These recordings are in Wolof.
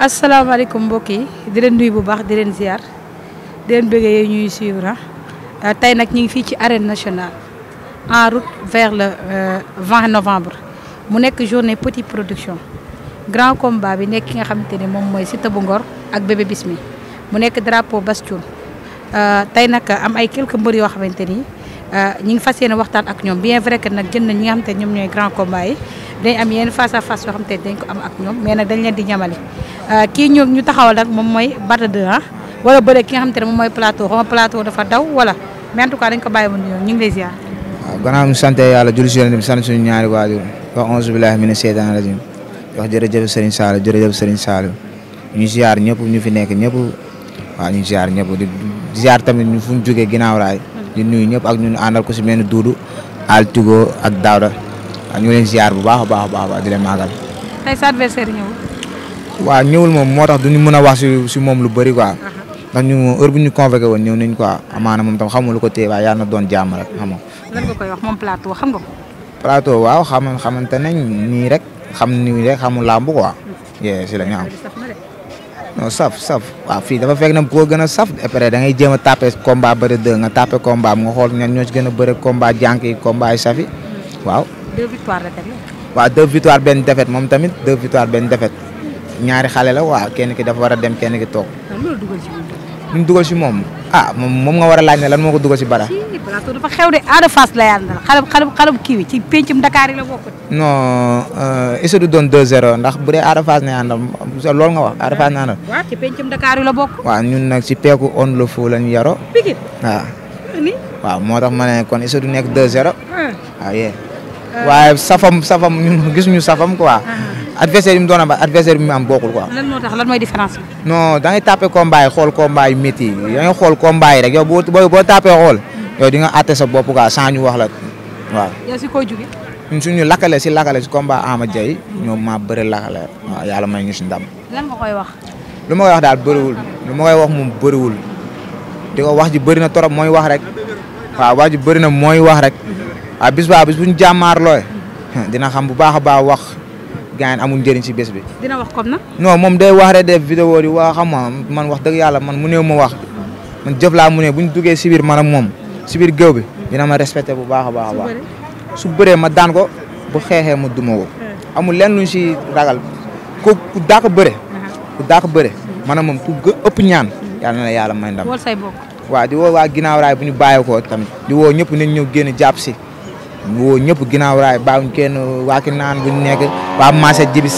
asalaamaaleykum mbokk yi di leen nuyu bu baax di leen ziar di leen bëggee ñuy suivre ah. euh, tey nag ñu ngi fii ci arène nationale en route vers le 20 euh, novembre mu nekk journée petite production grand combat bi nekk ki nga xamante ne moom mooy Siteu bu Ngor ak Bébé Bismi mu nekk drapeau bastion euh, tey nag am ay quelques mbër yoo xamante ni ñu ngi fas yéene waxtaan ak ñoom bien vrai que nag jënd nañ ñi nga xamante ne ñoom ñooy grand combat yi. day am yenn face a face yoo xam te dañ ko am ak ñoom mais nag dañ leen di ñamale euh, kii ñu ñu taxawal nag moom mooy Bada 2 ah wala bële ki nga xam te ne moom mooy plateau xaw plateau dafa daw wala mais en tout cas dañ ko bàyyi ba nuyoo ngi lay ziar. waaw gannaaw ñu sant yàlla julli si yonent bi sant suñu ñaari waajur wax onze billahi mina seytaan rajim wax jërëjëf Serigne Saliou jërëjëf Serigne Saliou ñu ziar ñëpp ñu fi nekk ñëpp waaw ñu ziar ñëpp di jaar tamit ñu fu mu jógee ginnaaw raay di nuyu ñëpp ak ñun àndal ko si mel ni Doudou Al Tigo ak Daouda waaw ñu leen ziar bu baax a baax a baax di leen màggal. tey sa adversaire ñëwul. waaw ñëwul moom moo tax duñu mën a wax si si moom lu bëri quoi. ndax ñu heure bu ñu convoqué woon ñëw nañ quoi amaana moom tam xamul lu ko téye waaye yàlla na doon jàmm rek xam nga. lan nga koy wax moom plateau xam nga ko. plateau waaw xam xamante nañ nii rek xam nii rek xamul làmb quoi. yee si la ñu am. non saf saf waaw fii dafa fekk na koo gën a saf après da ngay jéem a tapé combat bëri dë nga tapé combat nga xool ñan ñoo ci gën a bëri combat jànk yi combat yi safi hmm. waaw deux victoires la waaw deux victoires benn defet moom tamit de victoires benn defet ñaari xale la waaw kenn ki dafa war a dem kenn ki toog. loolu dugal ci moom. ñu dugal ci moom ah moom moom nga war a laaj ne lan moo ko dugal ci bara. plateau dafa xew de Ada Fass la yàlla na xale xale xale kii bi ci pencum Dakar yi la bokk. non euh, est-ce que du doon 2-0 ndax bu dee Ada Fass ne loolu nga wax Ada la bokk. waaw nag ci peeku on le lañu yaroo. waaw. moo tax ma ne kon nekk 2-0. Euh. waaye safam safam ñun gisuñu safam quoi. Ah. adversaire yi mu doon am adversaire bi mu am bokkul quoi. lan moo tax lan mooy différence bi. non da ngay tàppe combat yi xool combat yi métti yi da ngay xool combat yi rek yow boo boo tàppee xool. Hmm. yow di nga àtte sa bopp quoi sans ñu wax la waaw. yow si suñu lakkale si lakkale si combat Ama Diaye ñoom maa bëri lakkale waaw yàlla may ñu si ndam. lan wax. lu ma koy wax daal bëriwul lu ma koy wax moom bëriwul di ko wax ji bëri na torop mooy wax rek waaw wax ji bëri na mooy wax rek. Hmm. waaw ah, bis baa bis bu ñu jàmmaarlooy dina xam bu baax a baax wax gaa yi amul njëriñ si bés bi. dina wax moom day wax rek def vidéo di wax xam ma man wax dëgg yàlla man mu néew ma wax man jëf laa mu bu ñu duggee si biir man moom si biir géew bi dina ma respecté bu baax a baax a su bëree ma daan ko bu xeexee ma duma ko. amul lenn luñ si ragal ku ku dàq bëre. ku dàq bëre. maanaam moom ku ëpp ñaan. yàlla na la yàlla may ndam. di woo waa ginnaaw raay bu ñu bàyyeekoo tamit. di woo ñëpp nañ ñëw génn jàpp si. woo ñëpp ginnaaw raay bàyyiwuñ kenn waa ki naan bu ñu nekk waa marché Jibi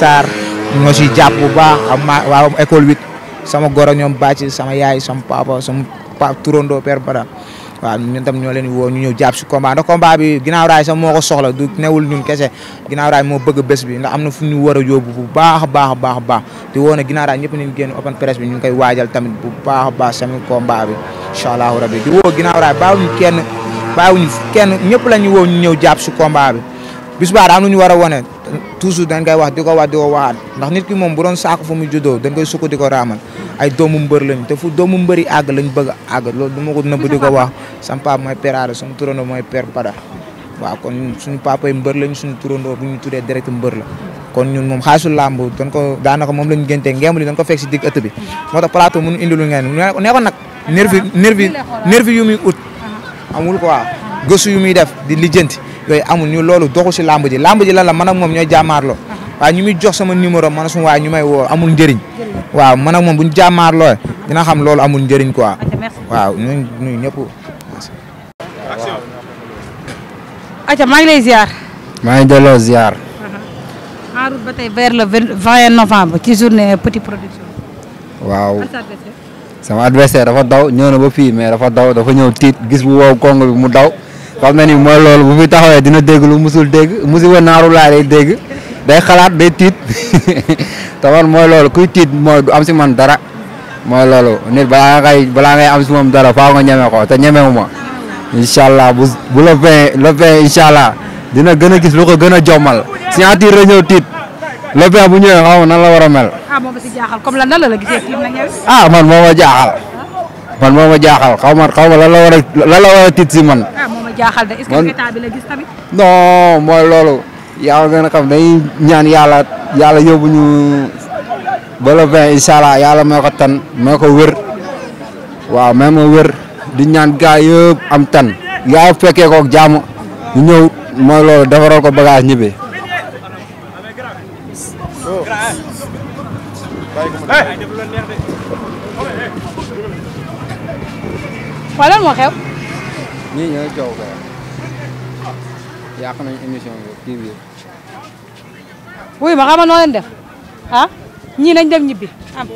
ñoo siy jàpp bu baax am ma waa école huit sama goro ñoom bàcc sama yaay sama papa sama papa turandoo père Bada waaw ñun tam ñoo leen woo ñu ñëw jàpp si combat ndax combat bi ginnaaw raay sax moo ko soxla du newul ñun kese ginnaaw raay moo bëgg bés bi ndax am na fu ñu war a yóbbu bu baa a baax baax baax di woo ne ginnaaw raay ñëpp nañ génn open press bi ñu ngi koy waajal tamit bu baax a baax sama combat bi incha bàyyiwuñu kenn ñëpp la ñu woo ñu ñëw jàpp si combat bi bis baa am lu ñu war a wane toujours dañ koy wax di ko wax di ko waxaat ndax nit ki moom bu doon saako fu mu juddoo dañ koy sukk di ko raamal ay doomu mbër lañ te fu doomu mbëri àgg lañ bëgg a àgg loolu du ma ko nëbb di ko wax sam papa mooy peraare sama turandoo mooy per pada waaw kon suñu papa yi mbër lañ suñu turandoo bu ñu tuddee direct mbër la kon ñun moom xaalisu làmb dañ ko daanaka moom lañ géntee ngemb li dañ ko fekk si digg ëtt bi moo tax plateau mënu indilu ngeen ne ko nag nervi nervi nervi yu muy ut amul quoi gëstu yu muy def di lijjanti yooyu amul ñu loolu doxu si làmb ji làmb ji lan la man moom ñooy jàmmaarloo uh-huh. waaye ñu muy jox sama numéro man suma waaye ñu may woo amul njëriñ waaw man moom bu ñu jàmmaarloo dina xam loolu amul njariñ quoi waaw ñun ñun ñëpp. aca maa ngi lay ziar. Uh-huh. waaw. sama adversaire dafa daw ñëw ba fii mais dafa daw dafa ñëw tiit gis bu wow kong bi mu daw xam na ni mooy loolu bu fi taxawee dina dégg lu musul dégg musiba naaru laa lay dégg day xalaat day tiit te man mooy loolu kuy tiit mooy du am si man dara mooy loolu nit balaa balaa ngay am si moom dara faaw ko te ñemewu ma allah bu bu la fee la fee incha dina gën a gis lu ko gën a jommal signature tiit Lopin bu ñëwee na ma nan la war a mel. ah moom si jaaxal comme lan la la gisee ah man moo ma jaaxal. man moo ma jaaxal xaw ma xaw ma la war tiit si man. ah moo ma jaaxal ñaan yàlla yàlla yóbbu ñu yàlla moo ko tan moo ko wér. waaw même di ñaan gaa yëpp am yaa fekkee koog jam ñu ñëw mooy loolu defaral ko bagage ñibbi. waaw lan moo xew. ñii ñooy coow kay yàq nañ émission bi kii bi. wuy ma xama noo leen def ah ñii nañ dem ñibbi am.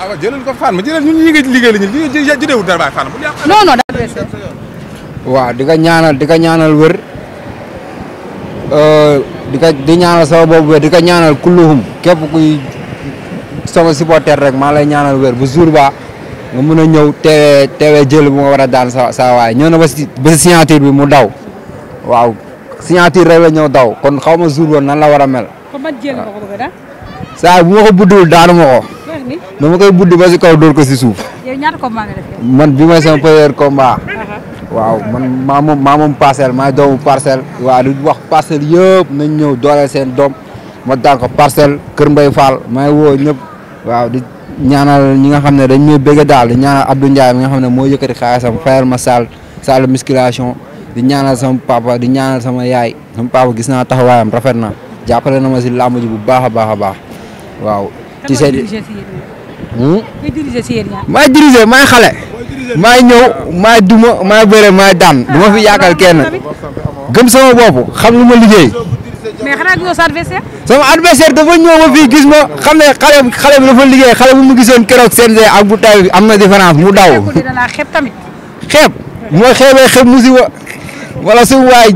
waaw jëlal ko Fane ma jëlal ñun ñu ngi liggéey la ñu li jëdewul dara bàyyi waaw di ko ñaanal di ko ñaanal wër euh, di ko di ñaanal sama boobu wér di ko ñaanal kulluhum képp kuy sama supporter rek maa lay ñaanal wér bu jour ba nga mun a ñëw teewee teewee jël bu nga war a daan sa sa na ba si ba bi mu daw waaw signature rek la ñëw daw kon xaw ma jour woon nan la war a mel. kon man ma ko bëgg a daan. saa bu ma ko buddi ba si kaw dóor ko si suuf. yow ñaata man bi mooy sama premier combat. waaw man maa moom maa moom parcelle maa doomu parcel waa lu wax parcelle yëpp nañ ñëw doole seen doom ma daan ko parcelle Kër Mbay Fall maa woo ñëpp waaw di ñaanal ñi nga xam ne dañ may bëgg daal di ñaanal Abdou Ndiaye mi nga xam ne moo yëkkati xaalisam fayal ma saal salle musculation di ñaanal sama papa di ñaanal sama yaay sama papa gis naa taxawaayam rafet na jàppale na ma si làmb ji bu baax a baax a baax waaw. ci nga hmm? diriger si yéen ñaar. maay diriger maay xale. maay ñëw maay duma maay bëre maay daan du ma fi yaakaar kenn gëm sama bopp xam lu ma liggéey. mais sa adversaire. sama dafa ñëw ba fii gis ma xam ne xale xale bi dafa liggéey xale mu mu gisoon keroog seen ak bu taw bi am na différence mu daw. xeeb tamit. xeeb mooy xeebee xeeb musiba wala su waay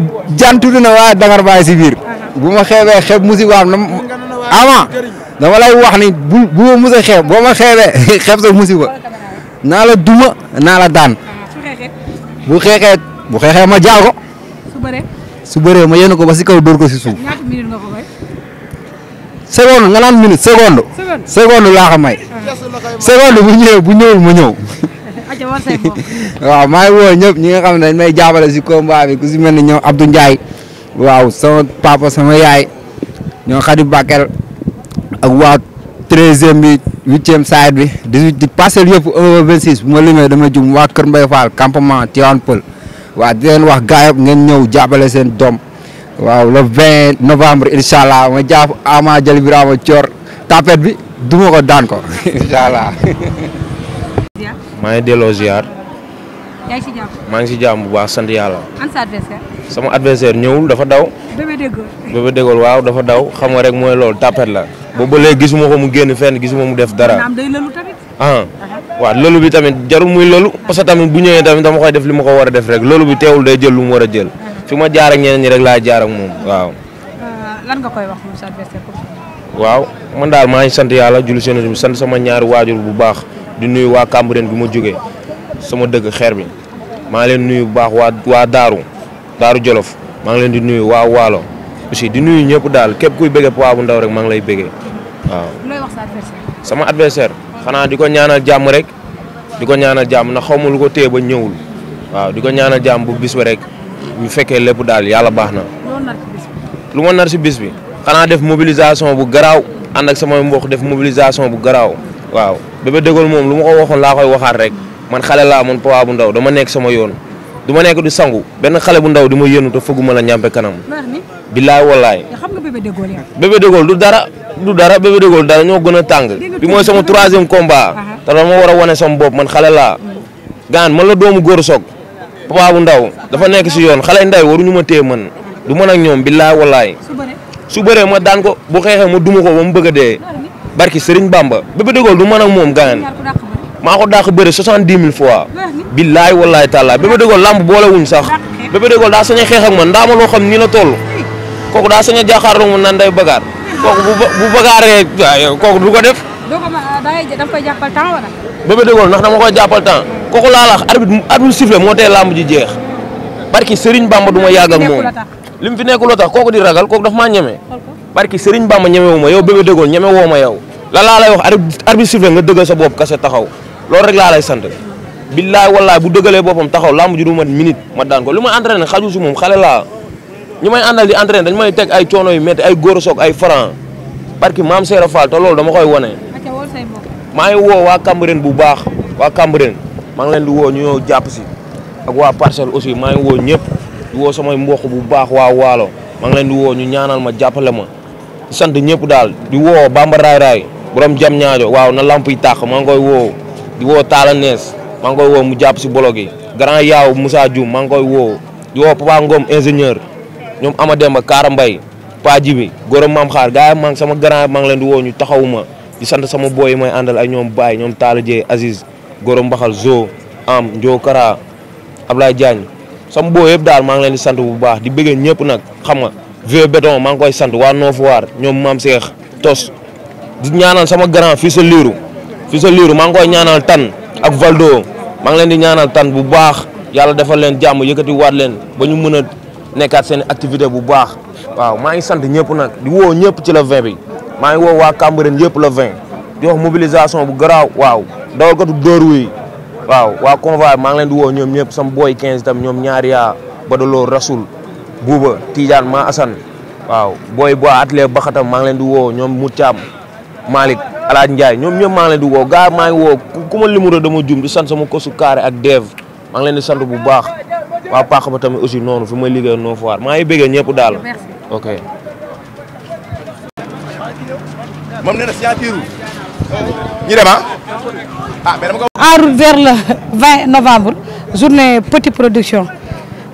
na waa dangar baay si biir bu ma xeebee xeeb musiba am na dama lay wax ni bu bu ma boo ma xeebee xeeb sa musiba naa la duma naa daan. bu xeexee bu xeexee ma jaa su bëree ma yéene ko ba si kaw dóor si suuf. ñaata minute nga ko may. seconde nga may. seconde bu ñëwee bu ñëwul ma ñëw. waaw maa ngi woo ñëpp ñi nga xam ne dañ may si combat bi ku si mel ne ñoom Abdou Ndiaye waaw sama papa sama yaay ñoo Khady ak waa treizième bi huitième side bi dix-huit di passé yëpp un vingt six bu ma limee dama jum waa Kër Mbaye Fall campement Tivaouane Peulh waa di leen wax gaay yëpp ngeen ñëw jàppale seen doom waaw la vingt novembre incha allah ma jaaf Ama Jali Birama Thior tapet bi duma ko daan ko incha maa ngi delloo ziar. maa ngi si jàmm bu baax sant yàlla. sama adversaire ñëwul dafa daw. bébé déggool. bébé waaw dafa daw xam nga rek mooy loolu tapet la. boobu ba léegi gisuma ko mu génn gis gisuma mu def dara. naam ah uh-huh. waaw lëlu bi tamit jarul muy lëlu parce que tamit bu ñëwee tamit dama koy def li ma ko war a def rek lëlu bi teewul day jël lu mu war a jël. Uh-huh. fi ma jaar ak ñeneen ñi rek laa jaar moom waaw. Uh, nga waaw man daal maa ngi sant yàlla julli seen bi sant sama ñaari waajur bu baax di nuyu waa Cambérène bi ma jóge sama dëkk xeer bi maa ngi leen nuyu bu baax waa waa Daaru Daaru Jolof maa ngi leen di nuyu waa Waalo aussi di nuyu ñëpp daal képp kuy bëggee poids bu ndaw rek maa ngi lay bëggee waaw. looy sama adversaire xanaa di ko ñaanal jàmm rek di ko ñaanal jàmm na xaw ma lu ko téye ba ñëwul waaw di ko ñaanal jàmm bu bis ba rek mu fekkee lépp daal yàlla baax na. lu ma nar si bis bi. xanaa def mobilisation bu garaaw ànd ak samay mbokk def mobilisation bu garaaw. waaw Bébé Dégaule moom lu ma ko waxoon laa koy waxaat rek man xale laa man poids bu ndaw dama nekk sama yoon. du ma nekk du sangu benn xale bu ndaw di ma yënu te fëgguma la ñàmpe kanam. billaay wallaay. xam nga du dara du dara bébé dégool dara ñoo gën a tàng. bi mooy sama troisième combat. te dama war a wane sama bopp man xale laa. Mm. gaan man la doomu góor soog. papa bu ndaw dafa nekk si yoon xale ndaw waruñu ma téye man du man ak ñoom billaay wallaay. su bëree ma daan ko bu xeexee ma duma ko ba mu bëgg a dee. barki Serigne Bamba bébé dégool du man ak moom gaan maa ko dàq bëre soixante-dix mille fois billaay wallaay tallaay Bébé Dégolle làmb boolewuñ sax Bébé Dégolle daa sañ a xeex ak man ndaama loo xam nii la toll kooku daa sañ a jàkkaarloo man naan day bagaar kooku bu bu bagaaree waaw kooku du ko def. doo ko ma ah, da koy jàppal temps wala. Bébé Dégolle ndax dama koy jàppal temps kooku laa la wax moo tee ji jeex barki Serigne Bamba du ma yàgg ak moom li mu fi nekkul tax kooku di ragal kooku daf ma ñeme. barki Serigne Bamba ñeme wu ma yow Bébé Dégolle ñeme woo ma yow. la laa lay wax arbitre nga dëggal sa bopp kase taxaw loolu rek laa lay sant billaay wallaay bu dëggalee boppam taxaw lamb ji du mat minute ma daan ko lu ma entraîné xaju si moom xale la ñu may àndal di entraîné may teg ay coono yu métti ay góor soog ay franc parce que maam Seera Fall te loolu dama koy wane. maa ngi woo waa Cambérène bu baax wa Cambérène maa ngi leen di woo ñu jàpp si ak waa parcelle aussi maa ngi woo ñëpp di woo samay mbokk bu baax waa waalo maa ngi leen di woo ñu ñaanal ma jàppale ma sant ñëpp daal di woo Bamba Raay Raay borom jam ñaajo waaw na lamp yi tàq maa ngi koy woo. di woo Talla Nees maa woo mu jàpp si bolo gi grand yaaw Moussa Dioum maa woo di woo Papa ingénieur ñoom Ama Demba Kaara Mbaye Pa Jibi Goro Maam Xaar gars yi maa sama grand maa ngi leen di woo ñu taxawuma di sant sama boy yi may àndal ay ñoom Baye ñoom taala jee Aziz Goro Mbaxal Zo Am Njo Kara Ablaye Diagne sama booy yëpp daal maa ngi leen di sant bu baax di bëggee ñëpp nag xam nga vieux béton maa ngi koy sant waa Noofuwaar ñoom Maam Seex tos di ñaanal sama grand fii sa liiru fi sa liiru maa ngi koy ñaanal tan ak Valdo maa ngi leen di ñaanal tan bu baax yàlla defal leen jàmm yëkkati waat leen ba ñu mën a nekkaat seen activité bu baax. waaw maa ngi sant ñëpp nag di woo ñëpp ci le 20 bi maa ngi woo waa Cambérène yëpp le 20 di wax mobilisation bu garaaw waaw dawal ko dóor wi waaw waa convoi maa ngi leen di woo ñoom ñëpp sam booy 15 tam ñoom ñaari yaa Badaloo Rasoul Bouba Tidiane Ma Assane waaw booy boo atelier Baxatam maa ngi leen di woo ñoom Moutiam Malick. Alaaj Ndiaye ñoom ñëpp maa ngi leen di woo gars maa woo ku ma limuro dama jum di sant sama kosu carré ak dev maa leen di sant bu baax waa paax ba tamit aussi noonu fi may liggéey noo fowaar maa ngi bëggee ñëpp daal ah, ah en production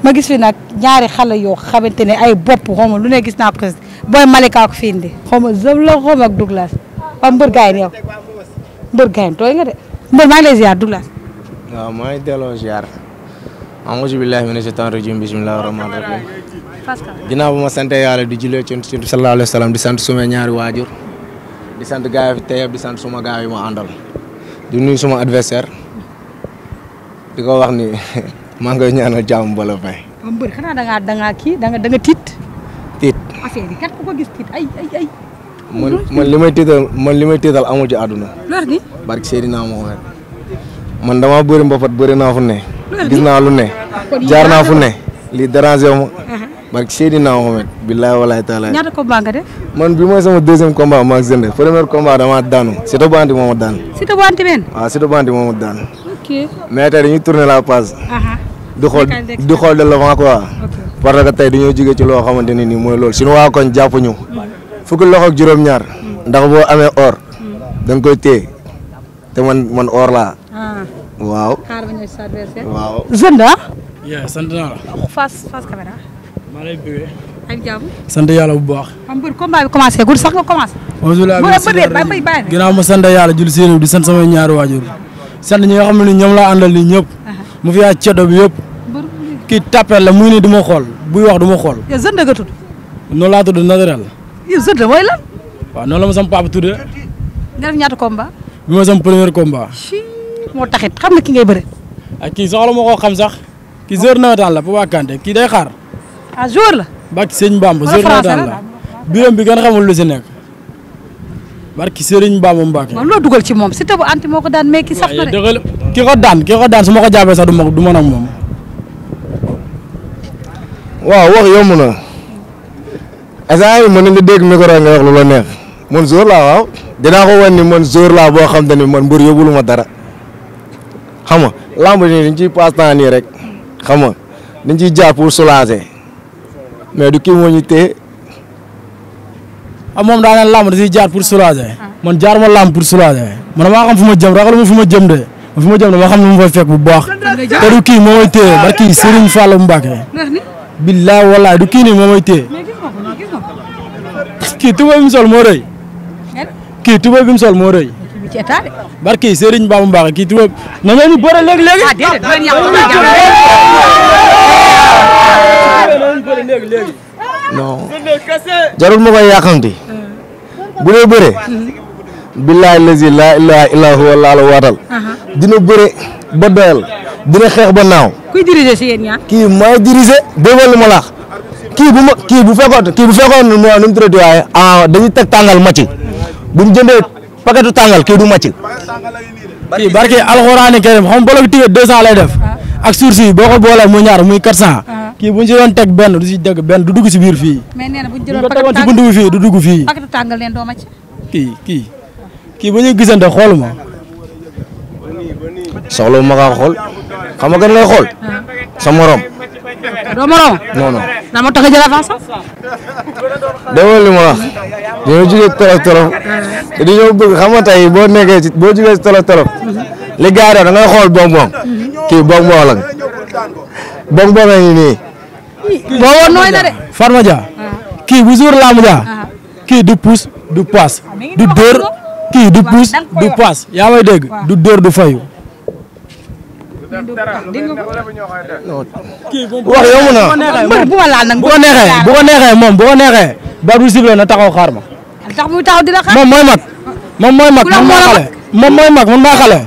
ma gis fi nag ñaari xale yoo xamante ne ay bopp xawma lu ne gis naa presque booy Malika ko fi indi xawma Zeb la xawma ak Douglas waaw mbër gaay yow mbër gaay tooy nga de mbër maa ngi lay ziar Douglas. maa ngi delloo ziar. auzu billahi mina shaytani ma sant yàlla di jullee ci ci sallallahu alayhi di sant suma ñaari waajur. di sant gaay yi di sant suma gaay yi ma àndal. di nuyu suma adversaire. di ko wax ni maa ngi ñaanal jàmm bala fay. mbër xanaa da ngaa da ngaa man mm-hmm. man li may tiital man li may tiital amul ci àdduna. loolu gi barke man damaa bëri mbapat bëri naa fu ne. gis naa lu ne. jaar naa fu ne li déranger wu ma. Uh-huh. barke Seydina Mohamed billahi wallahi taala. man bi mooy sama deuxième combat ma ak Zende premier combat damaa daanu. Siteu bu anti moo ma daan. Siteu bu anti benn. ma daan. ok mais tey la page. Uh-huh. di xool di xool de l'avant quoi. parce que tey dañoo jóge ci loo xamante ne nii mooy loolu suñu waa koñ jàpp fukki loxo ak juróom-ñaar. ndax boo amee or. Hmm. da nga koy te man man or laa. Ah. waaw. xaar ba ñëw si yaa sant naa la. Oh, face face caméra. maa lay bëggee. ak jàmm. sant yàlla bu baax. am bëri combat bi commencé gul sax nga commencé. ginnaaw ma sant yàlla jul séeréer di sant samay ñaari waajur sant ñi nga xam ne ñoom laa àndal ñëpp. mu fi yaay bi yëpp. kii la muy ne du ma xool buy wax du ma xool. yaa Zenda nga tudd. noonu yow Zodé mooy lan. waaw noonu la ma sama papa tuddee. nga def ñaata combat. bi ma sama premier combat. moo taxit xam nga ki ngay bëre. ak ah, kii soxla ma koo xam sax. kii joueur nawetaan la Papa Kanté kii day xaar. ah joueur la. barke Sëñ Bamba joueur nawetaan la. biram bi gën xamul lu si nekk. barke Sëriñ Bamba Mbacke. man loo dugal ci moom si tabu anti moo ko daan mais ki sax na de. ki ko daan ki ko daan su ma ko jàppee sax du ma du ma nag moom. waaw wax yomb na. instant yii mën nañu dégg micro nga wax lu la neex man jour laa waaw dinaa ko wan ni man jour laa boo xam te ni man mbër yóbbulu ma dara nga lamb ni dañ ciy passe temps nii rek xam nga dañ ciy jàpp pour soulager mais du kii moo ñu téye. ah moom ciy jaar pour soulager. jaar ma lamb pour soulager. man maa xam ma jëm ragaluma fu ma jëm de ma jëm de ma xam ne mu fay fekk bu baax. te du kii moo may téye barki Serigne Fallou Mbacke. kii tubéy bi mu sol moo rëy. kii tubéy bi mu sol moo rëy. barki Serigne Bamba Mbacké kii tubéy na ngeen di bëre léegi non jarul ma koy yàqanti. bu dee bëre. billaay lazi laa ilaaha dina bëre ba dina xeex ba kii maa diriger. déggoo lu kii bu ma kii bu fekkoon kii bu fekkoon ne nu mu tuddati waaye ah dañuy teg tàngal màcc bu mu jëndee paquetu tàngal kii du màcc. kii barke alxuraani karim xam nga bolo bi ticket 200 lay def ah. ak sursi boo ko boolee mu ñaar muy 400. Ah. kii bu ñu si doon teg benn du si dëgg benn du dugg si biir fii. mais nee na bu ñu jëloon paquetu fii du dugg fii. paquetu tàngal leen doo kii kii kii bu ñuy gisante xooluma. soxla ma kaa xool xam nga kan lay xool. Ah. sa morom. doo moroom non non. lan moo tax a jël tolof tolof te dañoo bëgg xam boo nekkee ci boo jugee tolof tolof li da ngay xool bonbon kii bonbon la bonbon la ñu kii bu jour ah. kii du pousse du passe ah, du dóor kii du pousse yaa may du dóor fayu. wax yomb na bu ko neexee bu ko neexee moom bu ko neexee ba bu sible na taxaw xaar ma. tax muy taxaw di la xaar moom mooy mat. moom mooy mag man maa xale moom mooy mag man maa xale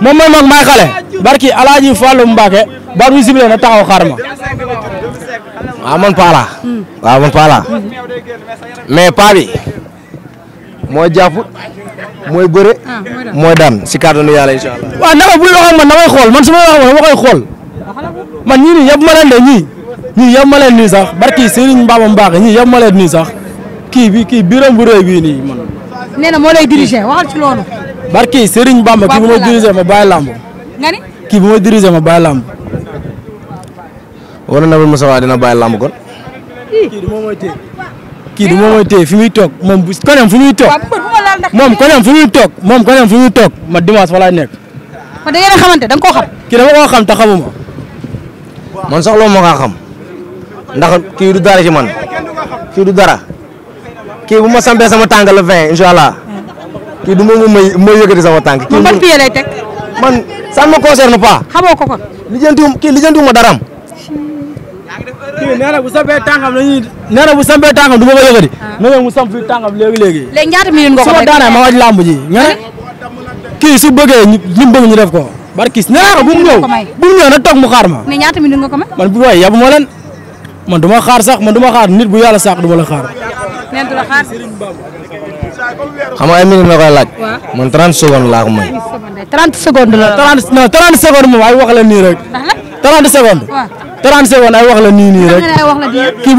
moom mooy mag maa xale barki alaaji Fallou Mbacke baat wi sible na taxaw xaar ma waaw man paa laa waaw man paa laa mais paa bi mooy jàpp mooy bëre Ah, mooy daan si kàttanu yàlla incha allah. waaw naka bu ñu wax ak man damay xool man su ma wax ak man dama koy xool man ñii nii yëpp ma leen de ñii ñii yëpp ma leen nii sax barki Serigne Mbamba Mbacke ñii yëpp ma kii bi kii biram bu rëy bii nii man. nee na moo lay diriger waxal ci loolu. barki ma diriger ma bàyyi làmb. nga ni kii ma diriger ma bàyyi làmb. war na Nabil Moussa dina bàyyi kon. kii du moom mooy téye fi muy toog moom bu koneem fu muy toog. moom koneem fu muy toog moom koneem fu muy ma dimanche fa laay nekk. kon da ngeen a xamante da koo xam. kii dama xam te xamuma. man soxla ma ndax kii du dara ci man kii du dara kii bu ma sampee sama tànk la vingt incha kii du ma ma ma sama tànk. kii man ban pied lay teg. man ça ne me concerne pas. ko kon. lijjantiwuma kii lijjantiwuma daraam. kii nee na bu sampee tàngam la ñuy nee na bu sampee tàngam du ma ko yëgati. Ah. na ñëw mu samp fii tàngam léegi léegi. léegi ñaata minute nga ko su ma daanee ma waj làmb ji nga ne kii su bëggee ñu ñu bëgg ñu def ko barkis nee naa ko bu mu ñëw bu mu ñëw nag toog mu xaar ma. mais ñaata minute nga ko may. man bu waay yabu ma leen man du ma xaar sax man du ma xaar nit bu yàlla sax du ma la xaar. nee du la xaar. xam nga ay minute la koy laaj. man 30 secondes laa ko may. 30 secondes la 30 non 30 secondes moom ay wax la nii rek. 30 secondes. 30 secondes ay wax la nii nii rek kii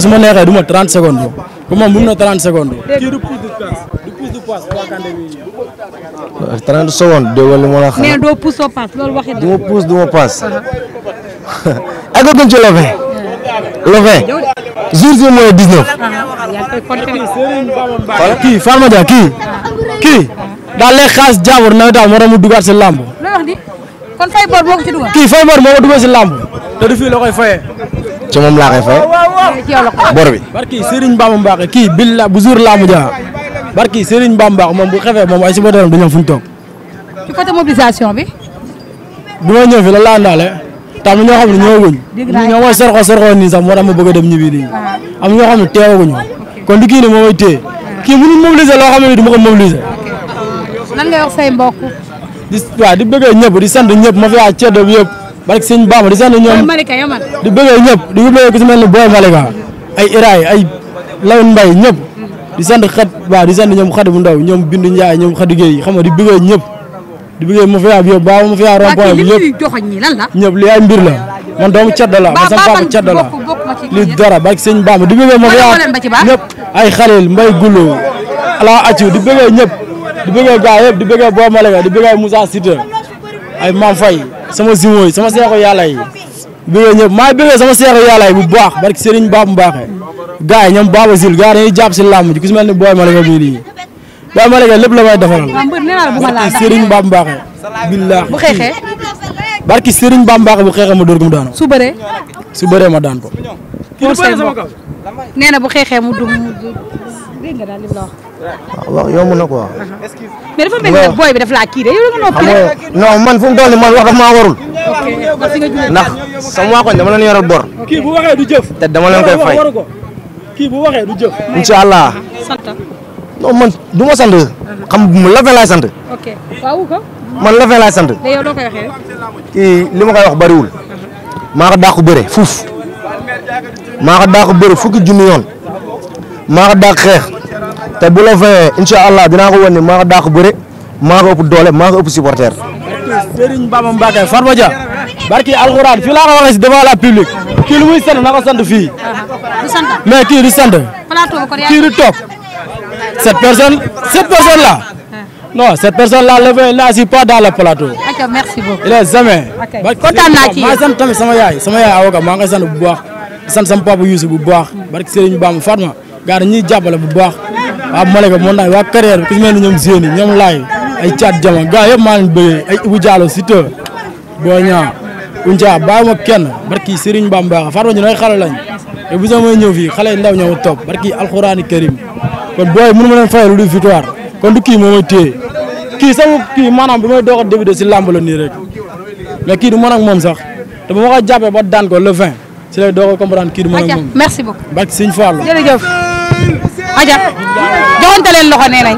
su ma neexee du ma 30 secondes bu moom bu mu ne 30 secondes. kii du pousse de passe du pousse de ma la xam. mais doo pousse doo passe loolu waxi la. du ma pousse du ma passe. ak ko gën ci Lofé. Lofé jour bi mooy 19. Ah, kii Fatma kii. Ah. kii daal lay xaas jaabur nawet daal moo si làmb. kon fay bor moo ko kii fay bor moo ko dugal si làmb. te du fii la koy fayee. ci moom laa koy fayee. bor bi. kii billa bu jour làmb ja barki Serigne Bamba Mbacké moom bu xefee moom ay suba doon du ñëw fu ñu toog. ci côté mobilisation bi. bi ma ñëw fi la laa ndaale. te am ñoo xam ne ñëwaguñ. dëgg la ñoo mooy sorxo sorxo nii sax moo tax ma bëgg a dem ñibbi nii. Ah. am ñoo xam ne teewaguñu. kii nii moom mooy téye. kii mënul mobiliser loo ma ko mobiliser. lan ngay wax say mbokk. di waaw di bëggee ñëpp di sant ñëpp ma fi waa ceddo bi yëpp barke sëñ Bamba di sant ñoom di bëggee ñëpp di bëggee ku si mel ni Boy Malika ay Iraay ay Lawin Mbay ñëpp di sant xat waaw di sant ñoom xadi bu ndaw ñoom Bindu Njaay ñoom xadi Géey xam nga di bëggee ñëpp di bëggee ma fi waa bi yëpp baa ma fi waa rond-point bi yëpp ñëpp li ay mbir la man doomu ceddo la man sama papa ceddo la li dara barke sëñ Bamba di bëggee ma fi waa ñëpp ay Xalil Mbay Gulo ala Acu di bëggee ñëpp di bëggee gaay yëpp di bëggee Boy Malika di bëggee Moussa ay Mame Faye sama zimo yi sama seexu yàlla yi bëggee ñëpp maa bëggee sama seexu yàlla yi bu baax barki Serigne Babou Mbacké gaay yi ñoom Baba Zil gaay dañuy jàpp si làmb ji ku si mel ni Boy Malika bii nii Boy Malika lépp la may defaral barki Serigne Babou Mbacké billah bu xeexee barki Serigne Babou Mbacké bu ma dóor ko mu su bëree su bëree ma daan ko na bu xeexee mu dugg waaw yomb na quoi. mais dafa mel ni kii de man fu mu toll nii man wax dafa maa warul. ndax sama waa koñ dama leen yoral bor. kii bu waxee du jëf. te kii bu waxee du jëf. incha allah. sant. man du sant. xam nga lafee sant. ok waaw ko. man li ma koy wax bariwul. maa ko dàqu bëre fuuf. maa ko dàqu bëre fukki junni maa ko dàq xeex. te bu la fayee incha allah dinaa ko wan ni maa ko dàq bëre maa ko ëpp doole maa ko ëpp supporter. Serigne Bamba Mbacke barki alxuraan fii laa ko waxee si la public kii lu muy sant na ko sant fii. mais kii du sant. kii du toog. cette personne cette personne là. non cette personne là levée n'assis pas dans le plateau. ok merci beaucoup. il est jamais. kontaan naa ci yéen maa ngi sant tamit sama yaay sama yaay awoka maa ngi sant bu baax sant sama papa bu baax barki Serigne Bamba Fatma. gars dañuy jàppale bu baax waa Malika montagne waa carrière bi ku si mel ni ñoom Zéni ñoom laay ay caat jama gars yëpp maa leen bëggee ay Ibou Diallo Siteu Boy Niang Ounthia bàyyiwuma kenn barki Serigne Bamba Fatma ñu nay xale lañ te bu soo may ñëw fii xale ndaw ñoo topp barki alxuraani karim kon booy mënu ma leen fayal lu dul victoire kon du kii moo may téye kii sama kii maanaam bi may doog a débuté si làmb la nii rek mais kii du mën ak moom sax te bu ma ko jàppee ba daan ko le 20 si lay doog a comprendre kii du mën ak moom merci beaucoup barki Serigne Fallou jërëjëf aja joxante leen loxo nee nañ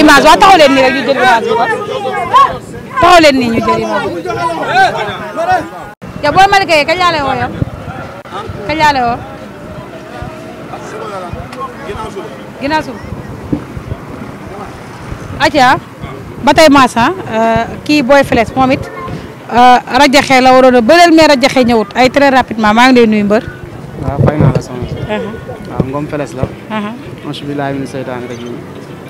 image waaw taxaw leen ñu jël image bi taxaw leen ñu jël image bi yow boo Malika yi kañ laa lay woo yow kañ woo ba tey Massa euh, kii Boy Flex moom it euh, la waroon a bëreel mais ñëwut ay très rapidement maa ngi lay nuyu waaw Ngom Feles la. Uh-huh. mosu billahi min seytaani rajim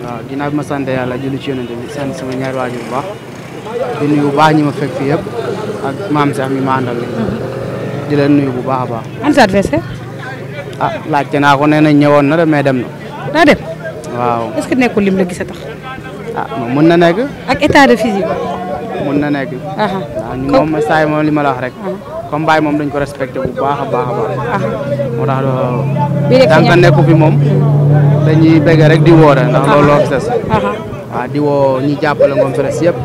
waaw ginnaaw bi ma sant yàlla julli ci yonente bi sant sama ñaari waajur bu baax di nuyu bu baax ñi ma fekk fii yëpp ak maam sax mi ma àndal uh-huh. di leen nuyu bu baax a baax. an sa adversaire. ah laajte naa ko nee na ñëwoon na de mais dem na. daa dem. waaw est que nekkul lim la gis tax. ah mën na nekk. ak état de physique. mën na nekk. Uh-huh. waaw ñu moom saa yi moom li la wax rek. combat yi moom dañ ko respecté bu baax a baax a baax. Ah. moo nekku fi moom dañuy bëgg rek di woo rek ndax loolu loo ses. Ah, ah. ñi jàppale Ngom Frères yëpp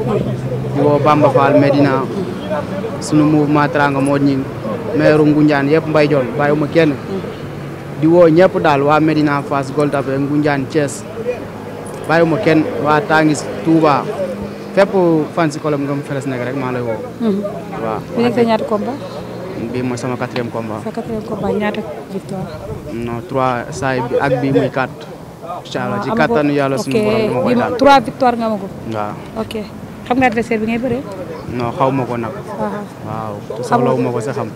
di woo Bamba Fall Medina sunu mouvement Teranga moo ñi maire Ngunjaan yëpp mbay joon bàyyiwuma kenn. di woo ñëpp daal waa Medina Fass Gueule Tapée Ngunjaan Thiès bàyyiwuma kenn waa Tangis Touba. fépp fan si kolom nga mu feles nekk rek maa lay woo. Hmm. waaw bi nekk sa ñaata combat. bii mooy sama quatrième combat. sa quatrième combat ñaata victoire. non trois ci ah, kattanu yàlla suñu borom victoire nga ma waaw ok xam nga adversaire bi ngay bëree. non xaw ma ko nag. Ah, ah. waaw soxlawu ma ko sa xam.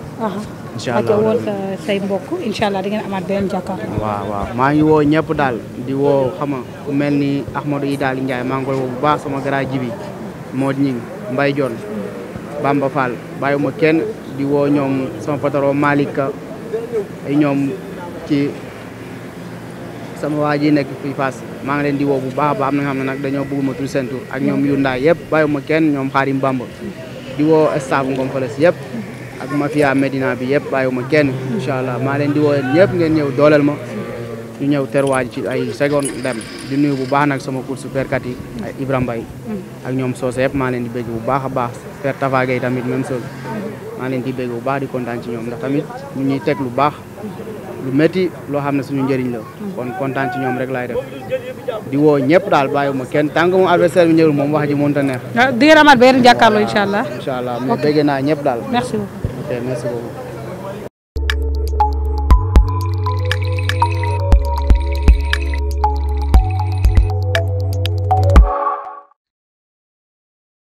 incha allah uh, mbokk incha allah di ngeen amaat beneen jàkkaarloo. waaw waaw maa ngi woo ñëpp daal di woo xama ku mel ni Ahmadou Idaali Ndiaye maa ngi koy woo bu baax sama grand ji bi moo ñing Mbaye Dione Bamba Fall bàyyiwuma kenn di woo ñoom sama patron Malick ay ñoom ci sama waa ji nekk fii Fass maa ngi leen di woo bu baax am na nga xam ne nag dañoo bëgguma tur seen tur ak ñoom yu ndaay yëpp bàyyiwuma kenn ñoom xaarim Bamba di woo staff Ngom Fales ak mafia Medina bi yëpp bàyyiwuma kenn incha allah maa leen di woo ñëpp ngeen ñëw dooleel ma ñu ñëw terwaaj ci ay seconde dem di nuyu bu baax nag sama course perkat yi ay Ibrahima Mbaye ak ñoom soose yëpp maa leen di bégg bu baax a baax per Tafa Gueye tamit même chose maa leen di bégg bu baax di kontaan ci ñoom ndax tamit mu ñuy teg lu baax lu métti loo xam ne suñu njëriñ la kon kontaan ci ñoom rek laay def di woo ñëpp daal bàyyiwuma kenn tant que moom adversaire bi ñëwul moom wax a neex. Ah, di allah. incha allah naa ñëpp daal. Ok, merci beaucoup.